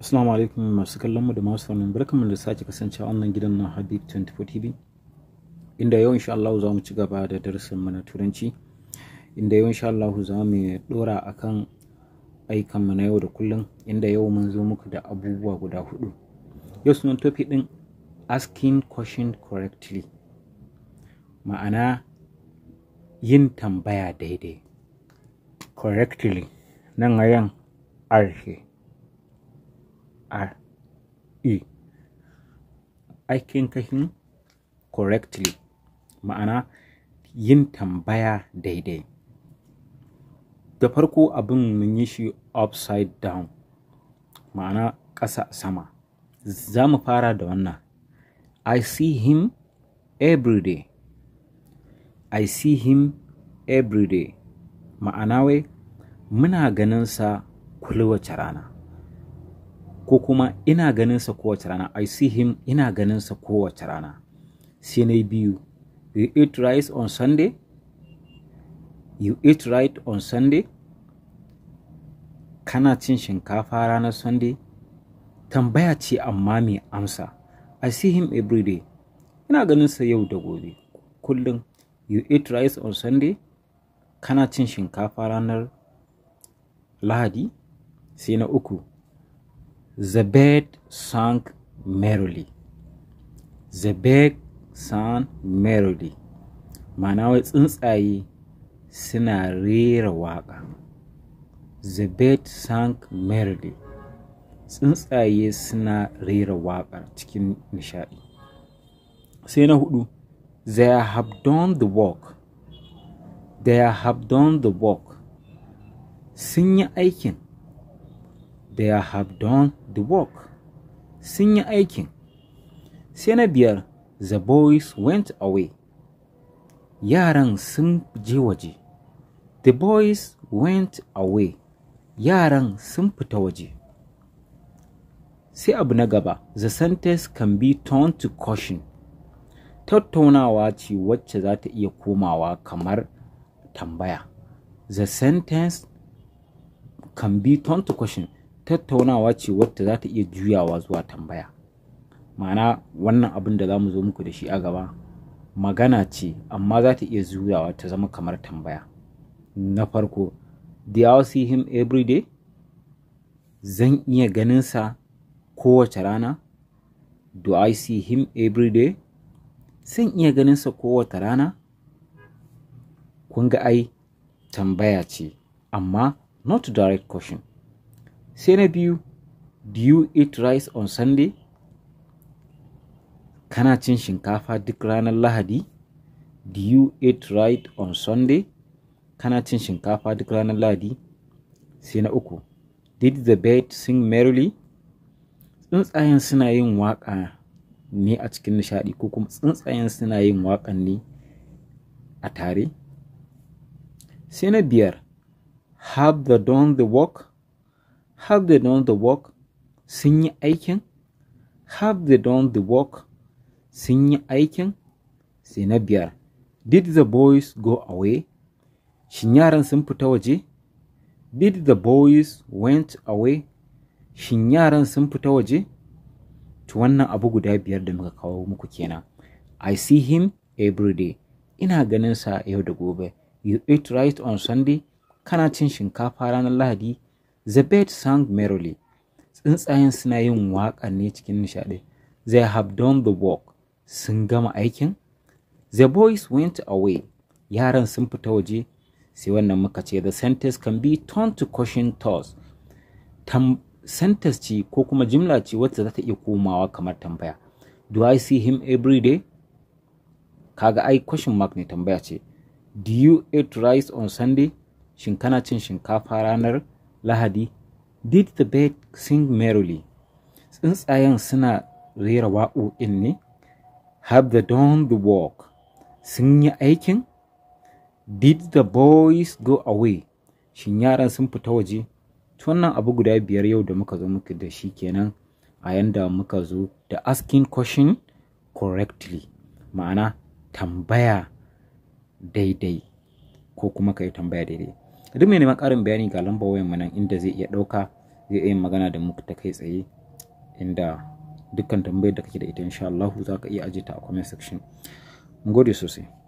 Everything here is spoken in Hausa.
Assalamu alaikum masu kallon mu da masu mu barkamu da sake kasancewa wannan gidan na Habib 24 TV inda yau insha Allah za mu ci gaba da darasin mu na turanci inda yau insha Allah za mu dora akan aikan mu na yau da kullum inda yau mun zo muku da abubuwa guda hudu yau sunan topic din asking question correctly ma'ana yin tambaya daidai correctly nan ayan arshe R E aikin kahin correctly ma'ana yin tambaya daidai da farko abin mun yi shi upside down ma'ana ƙasa sama za mu fara da wannan I see him every day I see him every day ma'ana wai muna ganin sa wace rana ko kuma ina ganinsa kowace rana I see him ina ganinsa kowace rana sai na biyu you eat rice on Sunday you eat right on Sunday kana cin shinkafa ranar Sunday tambaya ce amma mai amsa I see him every day ina ganinsa yau da gobe kullum you eat rice on Sunday kana cin shinkafa ranar Lahadi sai na uku The bird sang merrily. The bird sang merrily. Mana wai tsuntsaye suna rera waƙa. The bird sang merrily. Tsuntsaye suna rera waƙar cikin nishaɗi. Sai na hudu, they have done the work. They have done the work. Sun yi aikin. They have done the work sun yi aikin sai na biyar the boys went away yaran sun je waje the boys went away yaran sun fita waje sai abu na gaba the sentence can be turned to caution tattaunawa ce wacce za ta iya komawa kamar tambaya the sentence can be turned to question tattaunawa ce wadda za ta iya juyawa zuwa tambaya ma'ana wannan abin da za mu zo muku da shi a gaba magana ce amma za ta iya juyawa ta zama kamar tambaya na farko do you see him every day zan iya ganinsa kowace rana do i see him every day zan iya ganinsa kowace rana kun ga ai tambaya ce amma not direct question sai na biyu do you eat rice on sunday kana cin shinkafa duk ranar lahadi do you eat rice on sunday kana cin shinkafa duk ranar lahadi sai na uku did the bird sing merrily tsuntsayen suna yin waka ne a cikin nishaɗi ko kuma tsuntsayen suna yin wakan ne a tare sai na biyar have the done the work Have they done the work? Sun yi aikin? Have they done the work? Sun yi aikin? Sai na biyar. Did the boys go away? Shin yaran sun fita waje? Did the boys went away? Shin yaran sun fita waje? To wannan abu guda biyar da muka kawo muku kenan. I see him every day. Ina ganin sa yau da gobe. You eat rice on Sunday? Kana cin shinkafa ranar Lahadi? The bird sang merrily. Tsuntsayen suna yin waƙa ne cikin nishaɗi. They have done the work. Sun gama aikin? The boys went away. Yaran sun fita waje. Sai wannan muka ce the sentence can be turned to question toss. Tam sentence ce ko kuma jimla ce wacce za ta iya komawa kamar tambaya. Do I see him every day? Kaga ai question mark ne tambaya ce. Do you eat rice on Sunday? Shin kana cin shinkafa ranar lahadi did the bird sing merrily tsuntsayen suna rera waƙoƙin ne have the done the work sun yi aikin did the boys go away shin yaran sun fita waje tunan abu guda biyar yau da muka zo muka da shi kenan a yanda muka zo da asking question correctly ma'ana tambaya daidai ko kuma ka yi tambaya daidai duk mai neman karin bayani ga lamba wayan mu nan inda zai iya ɗauka zai iya magana da mu ta kai tsaye inda dukkan tambayar da kake da ita insha Allah za ka iya ajiye a comment section mun gode sosai